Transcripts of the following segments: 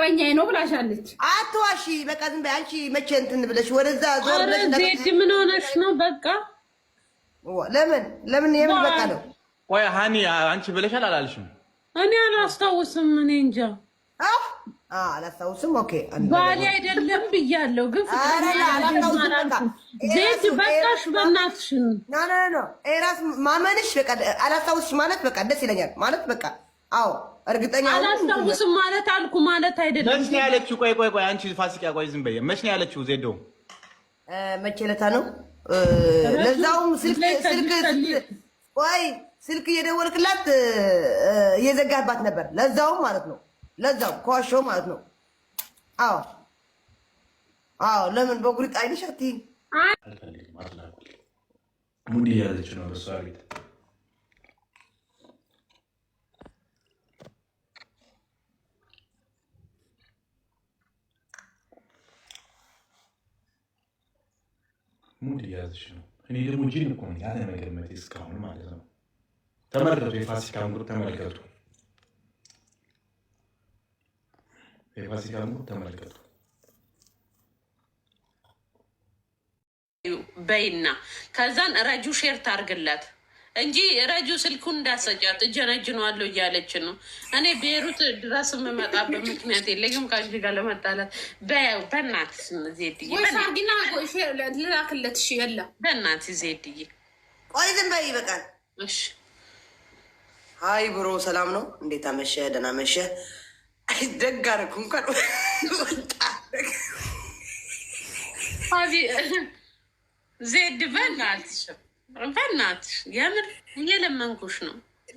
ፍቅረኛዬ ነው ብላሻለች። አትዋሺ። በቃ ዝም በይ አንቺ። መቼ እንትን ብለሽ ወደዛ ዞር ብለሽ ዜድ ምን ሆነሽ ነው? በቃ ለምን ለምን የምን በቃ ነው? ቆይ ሀኒ አንቺ ብለሻል አላልሽም? እኔ አላስታውስም። እኔ እንጃ አላስታውስም። ኦኬ ባሌ አይደለም ብያለሁ፣ ግን ዜድ በቃሽ፣ በእናትሽን ራስ ማመንሽ በቃ አላስታውስሽ ማለት በቃ ደስ ይለኛል ማለት በቃ አዎ እርግጠኛ አላስታውስም ማለት አልኩ ማለት አይደለም። መች ነው ያለችው? ቆይ ቆይ ቆይ አንቺ ፋሲካ ቆይ ዝም በይ። መች ነው ያለችው? ዜዶ መቼ ዕለታ ነው? ለዛውም ስልክ ስልክ ቆይ ስልክ እየደወልክላት እየዘጋህባት ነበር። ለዛውም ማለት ነው ለዛው ከዋሻው ማለት ነው። አዎ አዎ። ለምን በጉሪጥ አይነሽ አትይኝ ሙድ እያዘች ነው በሷ ቤት ሙድ እያዘች ነው። እኔ ደግሞ ጅን እኮ ነኝ አለመገመቴ እስካሁን ማለት ነው። ተመረጡ። የፋሲካ ጉድ ተመልከቱ። የፋሲካ ጉድ ተመልከቱ። በይና ከዛን ረጁ ሼር ታርግለት እንጂ ረጁ ስልኩን እንዳሰጫት እጀነጅነዋለሁ እያለች ነው። እኔ ቤሩት ድረስ የምመጣበት ምክንያት የለኝም ከአንቺ ጋር ለመጣላት። በያው በእናትሽ ዜድዬ ልላክለት። እሺ የለም በእናትሽ ዜድዬ፣ ቆይ ዝም በይ ይበቃል። እሺ ሀይ ብሮ፣ ሰላም ነው? እንዴት አመሸ? ደህና መሸ። ደግ አደረኩ እንኳን ወጣ ዜድ በእናትሽ በእናትሽ የምር እየለመንኩሽ ነው።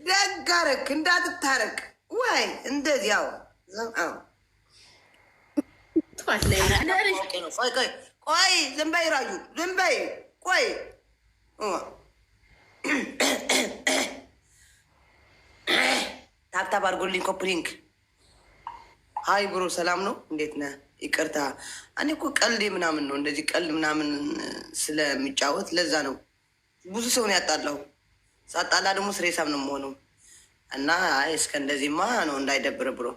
ደጋረክ እንዳትታረቅ ወይ እንደዚያው ያው ቆይ ዝም በይ ራዩ ዝም በይ ቆይ ታብታብ አድርጎልኝ ኮፕሪንግ ሀይ ብሮ ሰላም ነው እንዴት ነ ይቅርታ እኔ እኮ ቀልዴ ምናምን ነው እንደዚህ ቀልድ ምናምን ስለሚጫወት ለዛ ነው ብዙ ሰው ነው ያጣላሁ። ሳጣላ ደግሞ ስሬሳም ነው የምሆነው እና አይ እስከ እንደዚህማ ነው እንዳይደብር ብሎ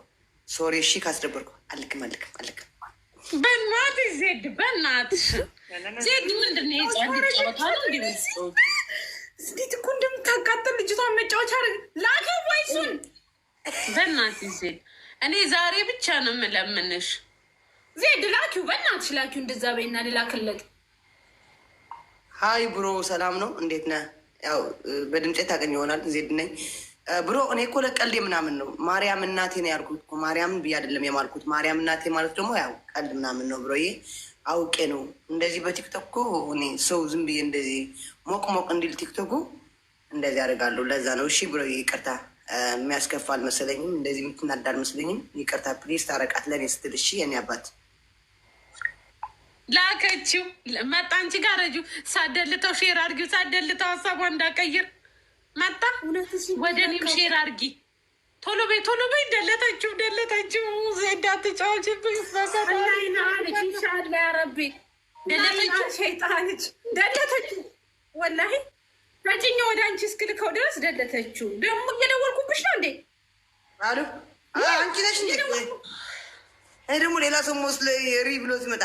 ሶሪ። እሺ ካስደብርኩ አልክም አልክም አልክም። በእናትህ ዜድ በእናትህ ዜድ ምንድን ነው እንዴት እኮ እንደምታቃጠል ልጅቷ መጫወቻ አድርግ ላከ ወይሱን። በእናትህ ዜድ እኔ ዛሬ ብቻ ነው የምለምንሽ ዜድ ላኪው፣ በእናትሽ ላኪው። እንደዛ በይና ልላክለት ሀይ ብሮ፣ ሰላም ነው? እንዴት ነ? ያው በድምጤ ታገኝ ይሆናል። ዜድ ነኝ ብሮ። እኔ እኮ ለቀልዴ ምናምን ነው ማርያም እናቴ ነው ያልኩት። ማርያምን ብዬ አይደለም የማልኩት። ማርያም እናቴ ማለት ደግሞ ያው ቀልድ ምናምን ነው ብሮዬ፣ አውቄ ነው እንደዚህ። በቲክቶክ እኔ ሰው ዝም ብዬ እንደዚህ ሞቅ ሞቅ እንዲል ቲክቶኩ እንደዚህ አደርጋለሁ። ለዛ ነው። እሺ ብሮዬ፣ ይቅርታ። የሚያስከፋ አልመሰለኝም። እንደዚህ የምትናዳ አልመሰለኝም። ይቅርታ ፕሊስ። ታረቃት ለእኔ ስትል እሺ፣ የኔ አባት ላከችው መጣ። አንቺ ጋር ረጁ ሳደልተው ሼር አርጊ ሳደልተው ሀሳቧ እንዳቀይር መጣ። ወደ እኔም ሼር አርጊ ቶሎ በይ ቶሎ በይ። ደለተችው ደለተችው። ዜዳ ትጫወችብኝ ሰሰራሻላ ያረቢ ሸይጣንች ደለተችው። ወላሂ ከጭኛ ወደ አንቺ እስክልከው ድረስ ደለተችው። ደግሞ እየደወልኩብሽ ነው እንዴ? አሉ አንቺ ነሽ እንዴ? ደግሞ ሌላ ሰው ሞስ ሪ ብሎ ሲመጣ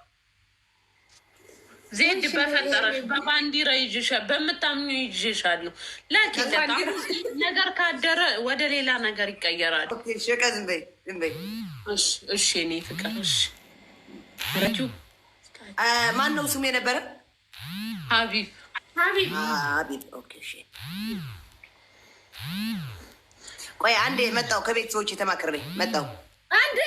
ዜድ በፈጠረሽ በባንዲራ ይዤሻል፣ በምታምኙ ይዤሻለሁ። ላኪን ነገር ካደረ ወደ ሌላ ነገር ይቀየራል። እሺ እኔ ፍቅር እሺ። ማን ነው ስሙ የነበረ? ሀቢብ ሀቢብ። ቆይ አንዴ መጣው ከቤት ሰዎች የተማክር የተማከረ መጣው አንዴ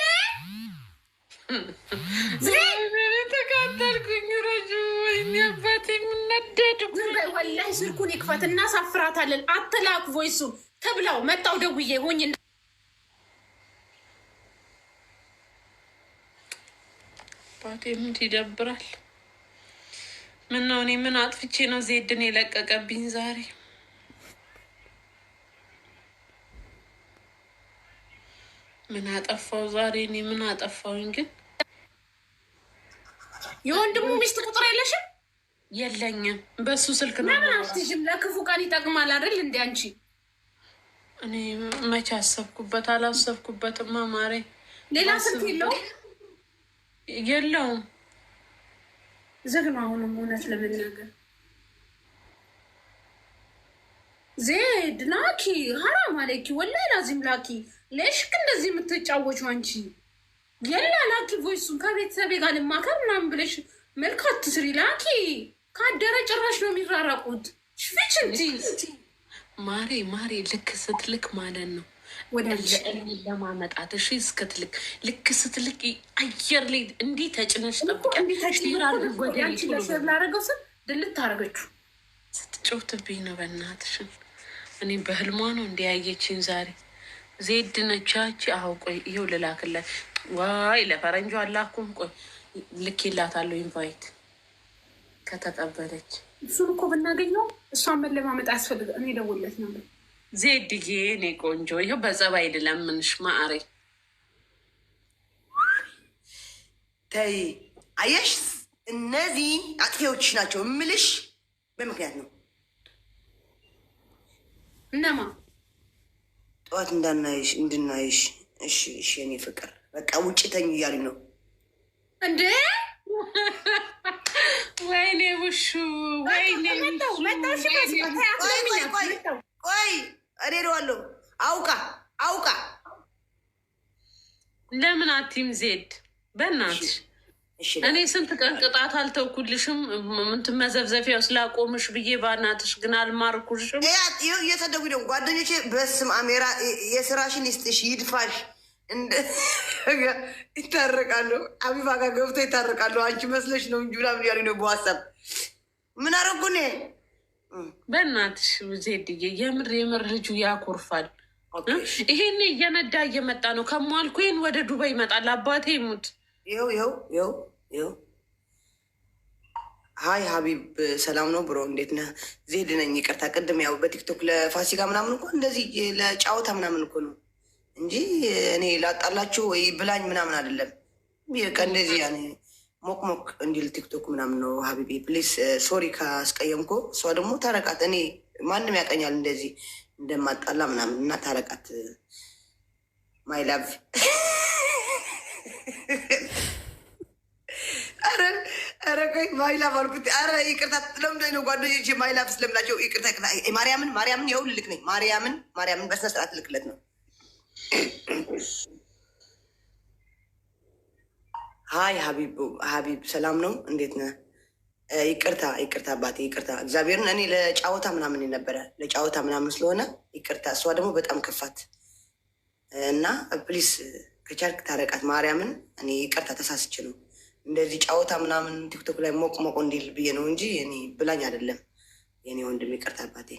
ተቃጠልኩኝ። ወላሂ ስልኩን ይክፈት፣ እናሳፍራታለን። አትላክ ቮይሱ ተብላው መጣው ደውዬ ሆኝ ምንት ይደብራል። ምነው እኔ ምን አጥፍቼ ነው ዜድን የለቀቀብኝ ዛሬ? ምን አጠፋው ዛሬ? እኔ ምን አጠፋውኝ ግን? የወንድሙ ሚስት ቁጥር የለሽም? የለኝም በሱ ስልክ ነው። ለምን አትይዥም? ለክፉ ቀን ይጠቅማል አይደል? እንደ አንቺ እኔ መቼ አሰብኩበት? አላሰብኩበትም። ማሬ። ሌላ ስልክ የለውም? የለውም፣ ዝግ ነው። አሁንም እውነት ለመናገር ዜድ ላኪ፣ ሀራም አለኪ፣ ወላሂ ላዚም ላኪ። ለሽክ እንደዚህ የምትጫወቹ አንቺ የላ ላኪ፣ ቮይሱን ከቤተሰቤ ጋር ልማከር ምናምን ብለሽ መልክ አትስሪ ላኪ ካደረ ጭራሽ ነው የሚራራቁት። ሽፍች እንዲ ማሬ ማሬ ልክ ስትልክ ማለት ነው ወደ ለማመጣት እሺ፣ እስክትልክ ልክ ስትልክ አየር ላይ እንዲህ ተጭነሽ ጠብቂያለሁ። ድልት አረገችው ስትጮትብኝ ነው። በእናትሽን እኔ በህልሟ ነው እንዲያየችኝ ዛሬ ዜድ ነቻች። አሁ ቆይ ይኸው ልላክላት። ዋይ ለፈረንጆ አላኩም። ቆይ ልክ ይላታለሁ ኢንቫይት ከተቀበለች እሱን እኮ ብናገኘው እሷን መለማመጥ ያስፈልግ እኔ ደውለት ነው ዜድዬ፣ እኔ ቆንጆ ይኸው በጸባይ አይደለም ምንሽ ማዕሬ ተይ። አየሽ እነዚህ አጥፊዎችሽ ናቸው እምልሽ በምክንያት ነው። እነማ ጠዋት እንዳናይሽ እንድናይሽ። እሺ እሺ፣ እኔ ፍቅር በቃ ውጭ ተኝ እያሉኝ ነው እንዴ ወይኔ ውሹ ወይኔ ቆይ አውቃ አውቃ ለምን አቲም ዜድ በእናትሽ እኔ ስንት ቀን ቅጣት አልተውኩልሽም። ምንትን መዘብዘፊያው ስላቆምሽ ብዬ ባናትሽ ግን አልማርኩሽም። እየተደጉ ደግሞ ጓደኞቼ በስመ አብ የስራሽን ይስጥሽ ይድፋሽ። ይታረቃሉ። አቢባ ጋር ገብቶ ይታረቃሉ። አንቺ መስለሽ ነው እንጂ ምናምን ያሉ ነው በዋሳብ ምን አረጉን። በእናትሽ ዜድዬ የምር የምር ልጁ ያኮርፋል። ይሄኔ እየነዳ እየመጣ ነው። ከሟልኩን ወደ ዱባይ ይመጣል። አባቴ ሙት ይው ይው ይው ይው ሀይ ሀቢብ፣ ሰላም ነው ብሮ፣ እንዴት ነህ? ዜድ ነኝ። ይቅርታ ቅድም ያው በቲክቶክ ለፋሲካ ምናምን እኮ እንደዚህ ለጫወታ ምናምን እኮ ነው እንጂ እኔ ላጣላችሁ ወይ ብላኝ ምናምን አይደለም። ከእንደዚህ ያኔ ሞቅ ሞቅ እንዲል ቲክቶክ ምናምን ነው። ሀቢቢ ፕሊስ ሶሪ ካስቀየምኮ። እሷ ደግሞ ታረቃት። እኔ ማንም ያቀኛል እንደዚህ እንደማጣላ ምናምን እና ታረቃት። ማይ ላቭ ረረይ ማይላፍ አልኩት። ኧረ ይቅርታ ለምንድን ነው ጓደኞቼ ማይላፍ ስለምላቸው ይቅርታ። ማርያምን ማርያምን የውል ልክ ነኝ ማርያምን ማርያምን በስነ ስርዓት ልክለት ነው ሀይ ሀቢብ ሰላም ነው? እንዴት ነህ? ይቅርታ ይቅርታ አባቴ ይቅርታ። እግዚአብሔርን እኔ ለጫወታ ምናምን የነበረ ለጫወታ ምናምን ስለሆነ ይቅርታ። እሷ ደግሞ በጣም ከፋት እና ፕሊስ ከቻልክ ታረቃት ማርያምን። እኔ ይቅርታ ተሳስች ነው እንደዚህ ጫወታ ምናምን ቲክቶክ ላይ ሞቅ ሞቅ እንዲል ብዬ ነው እንጂ እኔ ብላኝ አይደለም። የኔ ወንድም ይቅርታ አባቴ።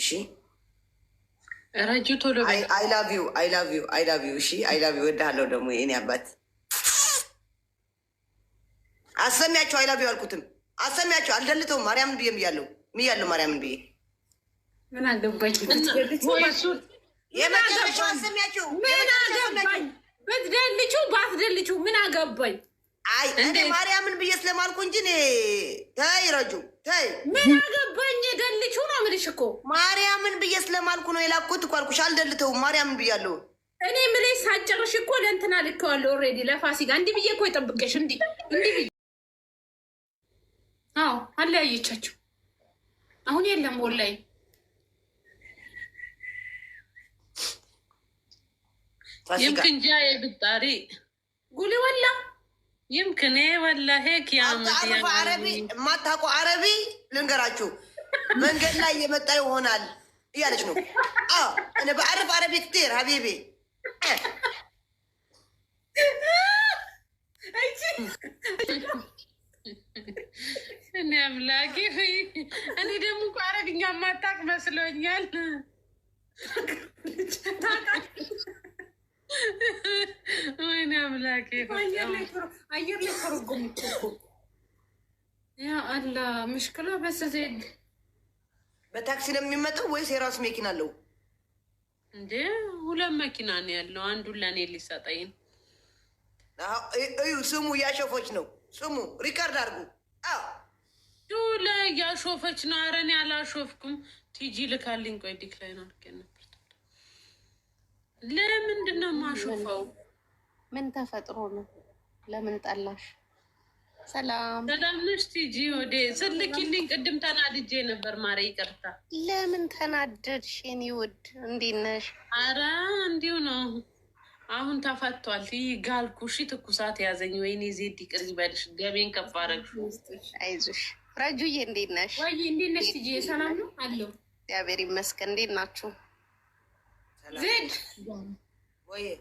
እሺ ረጁ ቶሎ አይ ላቭ እሺ፣ ደግሞ አባት አሰሚያቸው። አይ አልኩትም፣ አሰሚያቸው። አልደልተውም። ማርያምን ብዬ ምያለው ምያለው ማርያምን ብዬ ምን አገባኝ። የመጨረሻው አሰሚያቸው። ምን አገባኝ ባትደልቹ ምን አገባኝ። አይ እኔ ማርያምን ብዬ ስለማልኩ እንጂ ተይ ረጁ ምን አገባኝ? ደልችው ነው የምልሽ እኮ ማርያምን ብዬ ስለማልኩ ነው የላኩት እኮ አልኩሽ። አልደልተውም ማርያምን ብያለሁ እኔ የምልሽ ሳጨርሽ እኮ ለእንትና ልኬዋለሁ። ኦልሬዲ ለፋሲካ እንዲህ ብዬ እኮ የጠብቀሽ እንዲህ እንዲህ ብዬ አዎ፣ አለያየቻቸው። አሁን የለም ወላሂ የምክንጃ የብጣሪ ጉሊ ወላ ይምክን ወላሂ ያምታቁ አረቢ የማታውቁ አረቢ ልንገራችሁ፣ መንገድ ላይ እየመጣ ይሆናል እያለች ነው። እኔ በአረብ አረቢ ክትር ሀቢቢ እኔ አምላኬ እኔ ደግሞ እኮ አረብኛ ማታቅ መስሎኛል። ወይኔ አምላኬ አየር ላይ ያ አላ ምሽክላ በታክሲ ነው የሚመጣው ወይስ የራሱ መኪና አለው እንዴ? ሁለት መኪና ነው ያለው። አንዱ ለእኔ ሊሰጠኝ እዩ። ስሙ እያሾፈች ነው። ስሙ ሪከርድ አድርጉ። ዱ ላይ እያሾፈች ነው። አረኔ አላሾፍኩም። ቲጂ ልካልኝ። ቆይ ዲክላይን አድርጌ ለምንድን ነው የማሾፈው? ምን ተፈጥሮ ነው? ለምን ጠላሽ? ሰላም ሰላም ነሽ? ቲጂ ወደ ስልኪልኝ። ቅድም ተናድጄ ነበር ማሬ፣ ይቅርታ። ለምን ተናደድሽ የኔ ውድ? እንዴት ነሽ? አረ እንዲሁ ነው። አሁን ተፈቷል። ይህ ጋልኩሽ ትኩሳት ያዘኝ። ወይኔ ዜድ ይቅር ይበልሽ። ገቤን ከፍ አደረግሽ። አይዞሽ። ረጁዬ እንዴት ነሽ? ወይ እንዴት ነሽ? ቲጂ ሰላም ነው አለው። እግዚአብሔር ይመስገን። እንዴት ናችሁ? ዜድ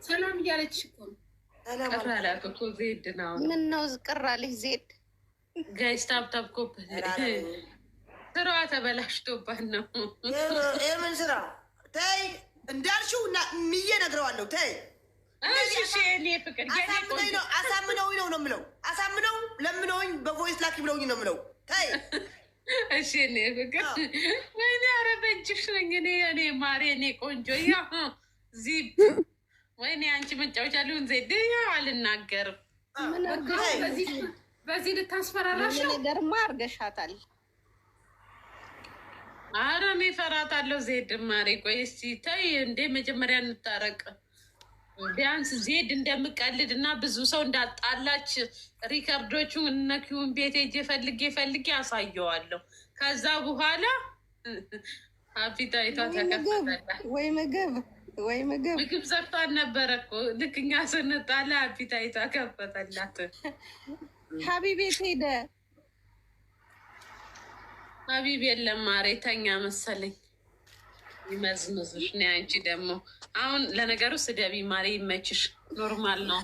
ሰላም እያለችሽ እኮ ነው። እኮ ዜድ ነው። ምነው ቅር አለሽ ዜድ? ጋይስ ታብታብ ኮፕ ስራዋ ተበላሽቶባት ነው። ምን ስራ? ተይ እንዳልሽው ምዬ እነግረዋለሁ። ተይ አሳምነውኝ ነው ነው የምለው። አሳምነው ለምነውኝ በቮይስ ላኪ ብለውኝ ነው የምለው። ተይ እሺ እኔ ፍቅር ወይኔ፣ በእጅሽ ነኝ እኔ እኔ ማሬ እኔ ቆንጆ ያ ዚብ ወይኔ፣ አንቺ መጫወቻ ሊሆን ዜድ ያ አልናገርም። በዚህ ልታስፈራራሽ ነው። ነገርማ አድርገሻታል። ኧረ እኔ እፈራታለሁ። ዜድ ማሬ፣ ቆይ እስኪ ተይ እንዴ መጀመሪያ እንታረቅ። ቢያንስ ዜድ እንደምቀልድ እና ብዙ ሰው እንዳጣላች ሪከርዶቹን እነኪውን ቤት ሄጄ ፈልጌ ፈልጌ ያሳየዋለሁ ከዛ በኋላ አፒታይቷ ተከፈተላት። ወይ ምግብ ወይ ምግብ ምግብ ሰርቷን ነበረ እኮ ልክ እኛ ስንጣላ አፒታይቷ ከፈተላት። ሀቢ ሄደ። ሀቢብ የለም ማሬ ተኛ መሰለኝ። ይመዝምዝሽ ነው። አንቺ ደግሞ አሁን ለነገሩ ስደቢ ማሪ ይመችሽ። ኖርማል ነው።